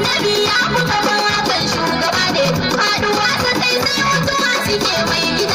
annabi ya kuka ban hakan shugaba ne faduwa ta sai sai mutuwa suke mai gida